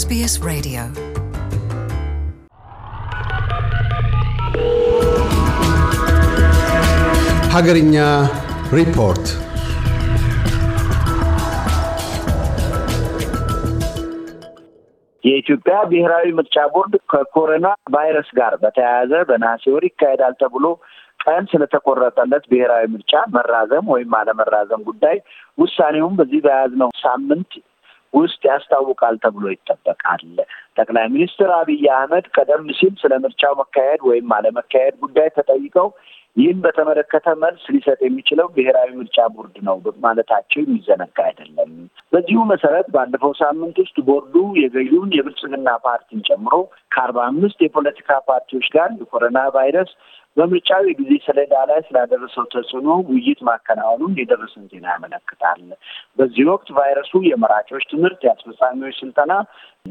SBS Radio. ሀገርኛ ሪፖርት የኢትዮጵያ ብሔራዊ ምርጫ ቦርድ ከኮሮና ቫይረስ ጋር በተያያዘ በነሐሴ ወር ይካሄዳል ተብሎ ቀን ስለተቆረጠለት ብሔራዊ ምርጫ መራዘም ወይም አለመራዘም ጉዳይ ውሳኔውም በዚህ በያዝነው ሳምንት ውስጥ ያስታውቃል ተብሎ ይጠበቃል። ጠቅላይ ሚኒስትር አብይ አህመድ ቀደም ሲል ስለ ምርጫው መካሄድ ወይም አለመካሄድ ጉዳይ ተጠይቀው ይህን በተመለከተ መልስ ሊሰጥ የሚችለው ብሔራዊ ምርጫ ቦርድ ነው ማለታቸው የሚዘነጋ አይደለም። በዚሁ መሰረት ባለፈው ሳምንት ውስጥ ቦርዱ የገዢውን የብልጽግና ፓርቲን ጨምሮ ከአርባ አምስት የፖለቲካ ፓርቲዎች ጋር የኮሮና ቫይረስ በምርጫው የጊዜ ሰሌዳ ላይ ስላደረሰው ተጽዕኖ ውይይት ማከናወኑን የደረሰን ዜና ያመለክታል። በዚህ ወቅት ቫይረሱ የመራጮች ትምህርት፣ የአስፈጻሚዎች ስልጠና፣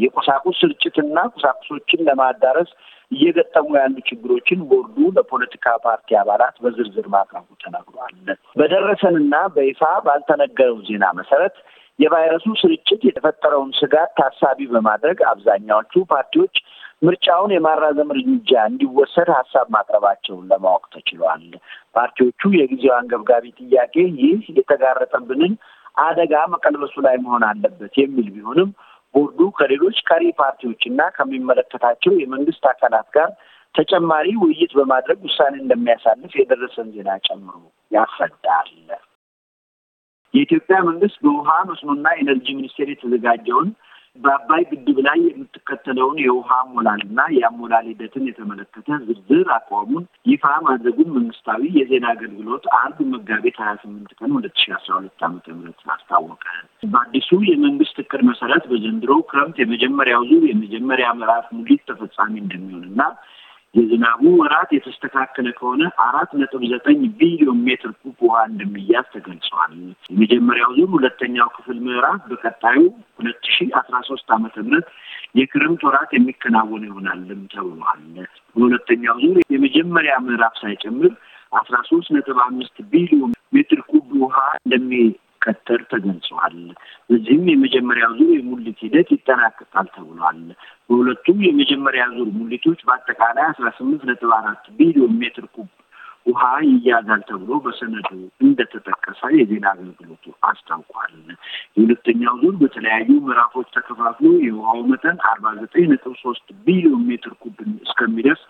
የቁሳቁስ ስርጭትና ቁሳቁሶችን ለማዳረስ እየገጠሙ ያሉ ችግሮችን ቦርዱ ለፖለቲካ ፓርቲ አባላት በዝርዝር ማቅረቡ ተነግሯል። በደረሰንና በይፋ ባልተነገረው ዜና መሰረት የቫይረሱ ስርጭት የተፈጠረውን ስጋት ታሳቢ በማድረግ አብዛኛዎቹ ፓርቲዎች ምርጫውን የማራዘም እርምጃ እንዲወሰድ ሀሳብ ማቅረባቸውን ለማወቅ ተችሏል። ፓርቲዎቹ የጊዜው አንገብጋቢ ጥያቄ ይህ የተጋረጠብንን አደጋ መቀልበሱ ላይ መሆን አለበት የሚል ቢሆንም ቦርዱ ከሌሎች ቀሪ ፓርቲዎችና ከሚመለከታቸው የመንግስት አካላት ጋር ተጨማሪ ውይይት በማድረግ ውሳኔ እንደሚያሳልፍ የደረሰን ዜና ጨምሮ ያስረዳል። የኢትዮጵያ መንግስት በውሃ መስኖና ኤነርጂ ሚኒስቴር የተዘጋጀውን በአባይ ግድብ ላይ የምትከተለውን የውሃ አሞላልና የአሞላል ሂደትን የተመለከተ ዝርዝር አቋሙን ይፋ ማድረጉን መንግስታዊ የዜና አገልግሎት አርብ መጋቢት ሀያ ስምንት ቀን ሁለት ሺ አስራ ሁለት ዓመተ ምህረት አስታወቀ። በአዲሱ የመንግስት እቅድ መሰረት በዘንድሮ ክረምት የመጀመሪያው ዙር የመጀመሪያ ምዕራፍ ሙሊት ተፈጻሚ እንደሚሆንና የዝናቡ ወራት የተስተካከለ ከሆነ አራት ነጥብ ዘጠኝ ቢሊዮን ሜትር ኩብ ውሃ እንደሚያዝ ተገልጿል። የመጀመሪያው ዙር ሁለተኛው ክፍል ምዕራፍ በቀጣዩ ሁለት ሺ አስራ ሶስት ዓመተ ምህረት የክረምት ወራት የሚከናወን ይሆናልም ተብሏል። በሁለተኛው ዙር የመጀመሪያ ምዕራፍ ሳይጨምር አስራ ሶስት ነጥብ አምስት ቢሊዮን ሜትር ኩብ ውሃ እንደሚከተር ተገልጿል። በዚህም የመጀመሪያው ዙር የሙሊት ሂደት ይጠናቀቃል ተብሏል። በሁለቱም የመጀመሪያ ዙር ሙሊቶች በአጠቃላይ አስራ ስምንት ነጥብ አራት ቢሊዮን ሜትር ኩብ ውሃ ይያዛል ተብሎ በሰነዱ እንደተጠቀሰ የዜና አገልግሎቱ አስታውቋል። የሁለተኛው ዙር በተለያዩ ምዕራፎች ተከፋፍሎ የውሃው መጠን አርባ ዘጠኝ ነጥብ ሶስት ቢሊዮን ሜትር ኩብ እስከሚደርስ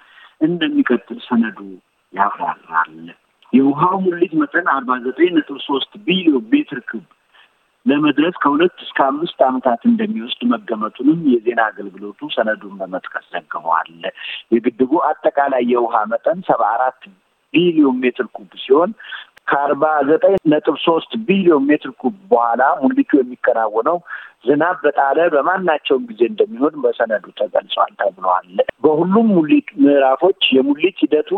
እንደሚቀጥል ሰነዱ ያብራራል። የውሃው ሙሊት መጠን አርባ ዘጠኝ ነጥብ ሶስት ቢሊዮን ሜትር ኩብ ለመድረስ ከሁለት እስከ አምስት ዓመታት እንደሚወስድ መገመቱንም የዜና አገልግሎቱ ሰነዱን በመጥቀስ ዘግበዋል። የግድቡ አጠቃላይ የውሃ መጠን ሰባ አራት ቢሊዮን ሜትር ኩብ ሲሆን ከአርባ ዘጠኝ ነጥብ ሶስት ቢሊዮን ሜትር ኩብ በኋላ ሙሊቱ የሚከናወነው ዝናብ በጣለ በማናቸውም ጊዜ እንደሚሆን በሰነዱ ተገልጿል ተብሏል። በሁሉም ሙሊት ምዕራፎች የሙሊት ሂደቱ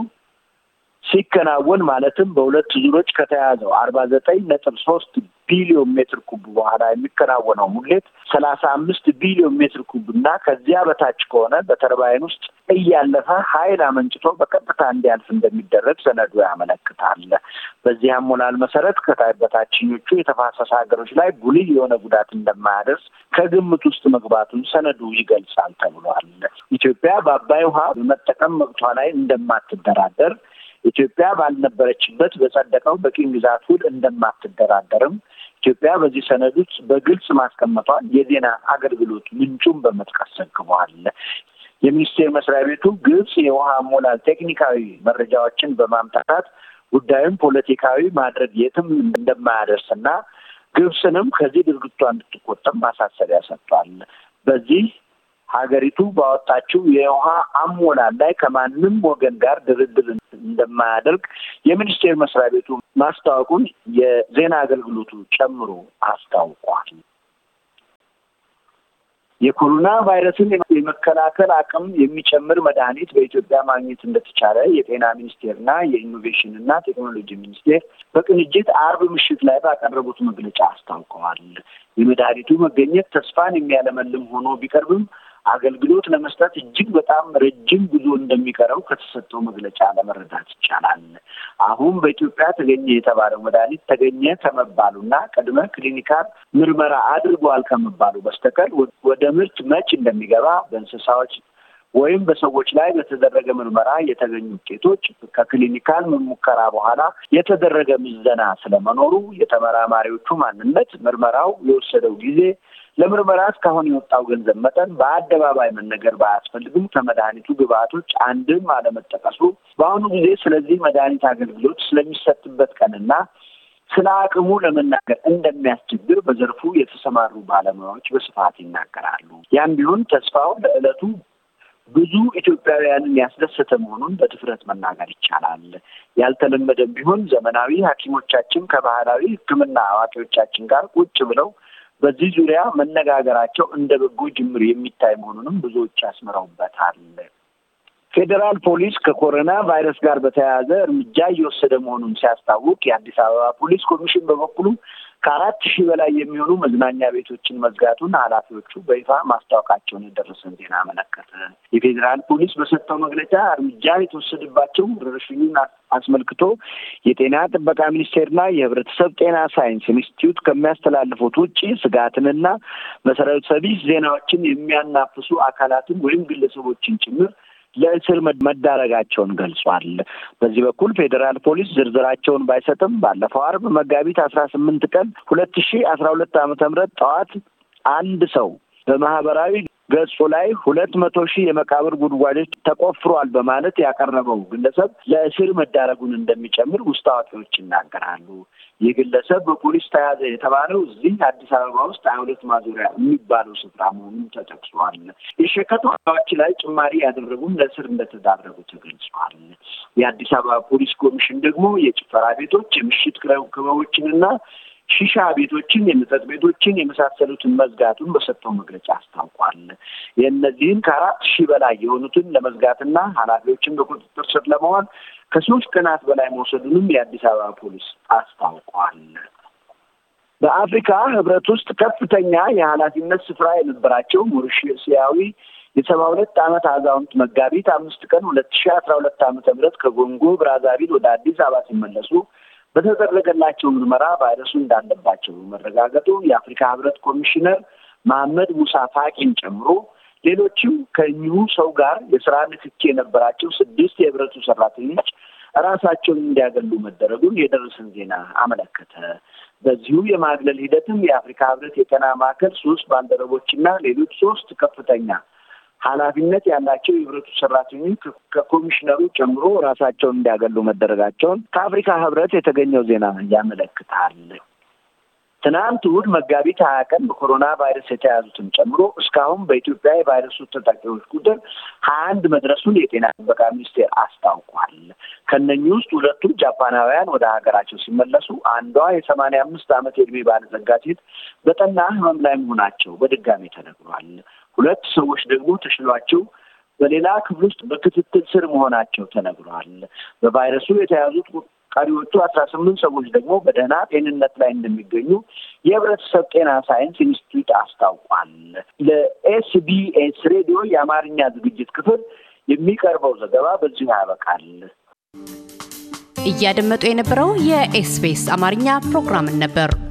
ሲከናወን ማለትም በሁለት ዙሮች ከተያዘው አርባ ዘጠኝ ነጥብ ሶስት ቢሊዮን ሜትር ኩብ በኋላ የሚከናወነው ሙሌት ሰላሳ አምስት ቢሊዮን ሜትር ኩብ እና ከዚያ በታች ከሆነ በተርባይን ውስጥ እያለፈ ኃይል አመንጭቶ በቀጥታ እንዲያልፍ እንደሚደረግ ሰነዱ ያመለክታል። በዚህ አሞላል መሰረት በታችኞቹ የተፋሰሰ ሀገሮች ላይ ጉልህ የሆነ ጉዳት እንደማያደርስ ከግምት ውስጥ መግባቱን ሰነዱ ይገልጻል ተብሏል። ኢትዮጵያ በአባይ ውሃ በመጠቀም መብቷ ላይ እንደማትደራደር ኢትዮጵያ ባልነበረችበት በጸደቀው በቅኝ ግዛት ውል እንደማትደራደርም ኢትዮጵያ በዚህ ሰነድ ውስጥ በግልጽ ማስቀመጧ የዜና አገልግሎት ምንጩን በመጥቀስ ዘግቧል። የሚኒስቴር መስሪያ ቤቱ ግብጽ የውሃ ሙላት ቴክኒካዊ መረጃዎችን በማምጣታት ጉዳዩን ፖለቲካዊ ማድረግ የትም እንደማያደርስና ግብጽንም ከዚህ ድርጊቷ እንድትቆጠም ማሳሰቢያ ሰጥቷል። በዚህ ሀገሪቱ ባወጣችው የውሃ አሞላል ላይ ከማንም ወገን ጋር ድርድር እንደማያደርግ የሚኒስቴር መስሪያ ቤቱ ማስታወቁን የዜና አገልግሎቱ ጨምሮ አስታውቋል። የኮሮና ቫይረስን የመከላከል አቅም የሚጨምር መድኃኒት በኢትዮጵያ ማግኘት እንደተቻለ የጤና ሚኒስቴርና የኢኖቬሽን ቴክኖሎጂ ሚኒስቴር በቅንጅት አርብ ምሽት ላይ ባቀረቡት መግለጫ አስታውቀዋል። የመድኃኒቱ መገኘት ተስፋን የሚያለመልም ሆኖ ቢቀርብም አገልግሎት ለመስጠት እጅግ በጣም ረጅም ጉዞ እንደሚቀረው ከተሰጠው መግለጫ ለመረዳት ይቻላል። አሁን በኢትዮጵያ ተገኘ የተባለው መድኃኒት ተገኘ ከመባሉና ቅድመ ክሊኒካል ምርመራ አድርጓል ከመባሉ በስተቀር ወደ ምርት መች እንደሚገባ በእንስሳዎች ወይም በሰዎች ላይ በተደረገ ምርመራ የተገኙ ውጤቶች ከክሊኒካል ሙከራ በኋላ የተደረገ ምዘና ስለመኖሩ፣ የተመራማሪዎቹ ማንነት፣ ምርመራው የወሰደው ጊዜ ለምርመራ እስካሁን የወጣው ገንዘብ መጠን በአደባባይ መነገር ባያስፈልግም ከመድኃኒቱ ግብአቶች አንድም አለመጠቀሱ፣ በአሁኑ ጊዜ ስለዚህ መድኃኒት አገልግሎት ስለሚሰጥበት ቀንና ስለ አቅሙ ለመናገር እንደሚያስቸግር በዘርፉ የተሰማሩ ባለሙያዎች በስፋት ይናገራሉ። ያም ቢሆን ተስፋው ለዕለቱ ብዙ ኢትዮጵያውያንን ያስደሰተ መሆኑን በድፍረት መናገር ይቻላል። ያልተለመደም ቢሆን ዘመናዊ ሐኪሞቻችን ከባህላዊ ሕክምና አዋቂዎቻችን ጋር ቁጭ ብለው በዚህ ዙሪያ መነጋገራቸው እንደ በጎ ጅምር የሚታይ መሆኑንም ብዙዎች ያስምረውበታል። ፌዴራል ፖሊስ ከኮሮና ቫይረስ ጋር በተያያዘ እርምጃ እየወሰደ መሆኑን ሲያስታውቅ የአዲስ አበባ ፖሊስ ኮሚሽን በበኩሉ ከአራት ሺህ በላይ የሚሆኑ መዝናኛ ቤቶችን መዝጋቱን ኃላፊዎቹ በይፋ ማስታወቃቸውን የደረሰን ዜና አመለከተ። የፌዴራል ፖሊስ በሰጠው መግለጫ እርምጃ የተወሰደባቸው ወረርሽኙን አስመልክቶ የጤና ጥበቃ ሚኒስቴርና የህብረተሰብ ጤና ሳይንስ ኢንስቲትዩት ከሚያስተላልፉት ውጭ ስጋትንና መሰረተ ቢስ ዜናዎችን የሚያናፍሱ አካላትን ወይም ግለሰቦችን ጭምር ለእስር መዳረጋቸውን ገልጿል። በዚህ በኩል ፌዴራል ፖሊስ ዝርዝራቸውን ባይሰጥም ባለፈው አርብ መጋቢት አስራ ስምንት ቀን ሁለት ሺ አስራ ሁለት ዓመተ ምህረት ጠዋት አንድ ሰው በማህበራዊ ገጹ ላይ ሁለት መቶ ሺህ የመቃብር ጉድጓዶች ተቆፍሯል በማለት ያቀረበው ግለሰብ ለእስር መዳረጉን እንደሚጨምር ውስጥ አዋቂዎች ይናገራሉ። ይህ ግለሰብ በፖሊስ ተያዘ የተባለው እዚህ አዲስ አበባ ውስጥ ሀያሁለት ማዞሪያ የሚባለው ስፍራ መሆኑን ተጠቅሷል። የሸከቱ ዋጋዎች ላይ ጭማሪ ያደረጉም ለእስር እንደተዳረጉ ተገልጿል። የአዲስ አበባ ፖሊስ ኮሚሽን ደግሞ የጭፈራ ቤቶች፣ የምሽት ክበቦችንና ሺሻ ቤቶችን፣ የመጠጥ ቤቶችን የመሳሰሉትን መዝጋቱን በሰጠው መግለጫ አስታውቋል። የእነዚህን ከአራት ሺህ በላይ የሆኑትን ለመዝጋትና ኃላፊዎችን በቁጥጥር ስር ለመዋል ከሶስት ቀናት በላይ መውሰዱንም የአዲስ አበባ ፖሊስ አስታውቋል። በአፍሪካ ህብረት ውስጥ ከፍተኛ የኃላፊነት ስፍራ የነበራቸው ሞሪሽሲያዊ የሰባ ሁለት ዓመት አዛውንት መጋቢት አምስት ቀን ሁለት ሺ አስራ ሁለት ዓመተ ምህረት ከጎንጎ ብራዛቪል ወደ አዲስ አበባ ሲመለሱ በተደረገላቸው ምርመራ ቫይረሱ እንዳለባቸው መረጋገጡ የአፍሪካ ህብረት ኮሚሽነር መሐመድ ሙሳ ፋቂን ጨምሮ ሌሎችም ከእኚሁ ሰው ጋር የስራ ንክኪ የነበራቸው ስድስት የህብረቱ ሰራተኞች ራሳቸውን እንዲያገሉ መደረጉን የደረሰን ዜና አመለከተ። በዚሁ የማግለል ሂደትም የአፍሪካ ህብረት የጤና ማዕከል ሶስት ባልደረቦችና ሌሎች ሶስት ከፍተኛ ኃላፊነት ያላቸው የህብረቱ ሰራተኞች ከኮሚሽነሩ ጨምሮ ራሳቸውን እንዲያገሉ መደረጋቸውን ከአፍሪካ ህብረት የተገኘው ዜና ያመለክታል። ትናንት ውድ መጋቢት ሀያ ቀን በኮሮና ቫይረስ የተያዙትን ጨምሮ እስካሁን በኢትዮጵያ የቫይረሱ ተጠቂዎች ቁጥር ሀያ አንድ መድረሱን የጤና ጥበቃ ሚኒስቴር አስታውቋል። ከነኚህ ውስጥ ሁለቱ ጃፓናውያን ወደ ሀገራቸው ሲመለሱ፣ አንዷ የሰማንያ አምስት ዓመት የእድሜ ባለጸጋ ሴት በጠና ህመም ላይ መሆናቸው በድጋሚ ተነግሯል። ሁለት ሰዎች ደግሞ ተሽሏቸው በሌላ ክፍል ውስጥ በክትትል ስር መሆናቸው ተነግሯል። በቫይረሱ የተያዙት ቀሪዎቹ አስራ ስምንት ሰዎች ደግሞ በደህና ጤንነት ላይ እንደሚገኙ የህብረተሰብ ጤና ሳይንስ ኢንስቲትዩት አስታውቋል። ለኤስቢኤስ ሬዲዮ የአማርኛ ዝግጅት ክፍል የሚቀርበው ዘገባ በዚሁ ያበቃል። እያደመጡ የነበረው የኤስቢኤስ አማርኛ ፕሮግራምን ነበር።